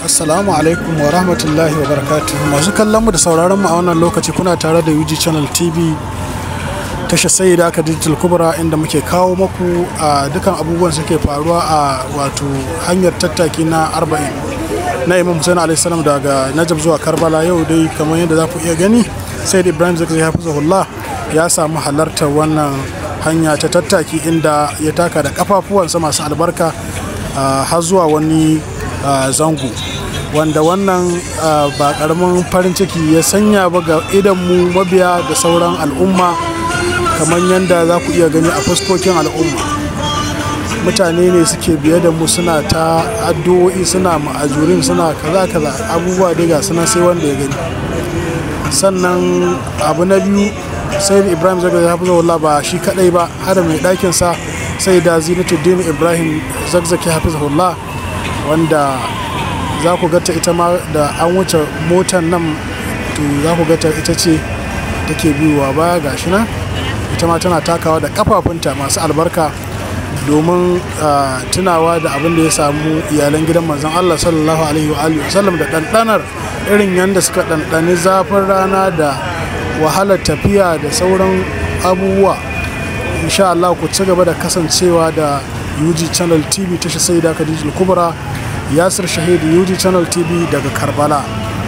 Assalamu alaikum wa rahmatullahi wa barakatuhu masu kallon mu da sauraron mu a wannan lokaci kuna tare da UG Channel TV tasha sai da aka digital kubra inda muke kawo maku a dukan abubuwan suke faruwa a wato hanyar tattaki na 40 na Imam Hussein alayhi salam daga Najab zuwa Karbala yau dai kamar yadda za ku iya gani sai Ibrahim Zakzai Hafizahullah ya samu halartar wannan hanya ta tattaki inda ya taka da kafafuwansa masu albarka har zuwa wani zango wanda wannan ba karamin farin ciki ya sanya ba ga idanmu mabiya da sauran al'umma kamar yadda za ku iya gani a fuskokin al'umma mutane ne suke biye da mu suna ta addu'o'i suna ma'ajurin suna kaza kaza abubuwa daga suna sai wanda ya gani sannan abu na biyu sai ibrahim zagzag hafizahullah ba shi kadai ba har mai ɗakin sa sai da zinatuddin ibrahim zagzag hafizahullah wanda za ku gata ita ma da an wuce motar nan to za ku gata ita ce take biyuwa ba ga shi nan ita ma tana takawa da kafafunta masu albarka domin tunawa da abin da ya samu iyalan gidan manzon Allah sallallahu alaihi wa wasallam da ɗanɗanar irin yadda suka ɗanɗani zafin rana da wahalar tafiya da sauran abubuwa insha Allah ku ci gaba da kasancewa da UG Channel TV tashar sai da Khadijul Kubra Yasir Shahid UG Channel TV daga Karbala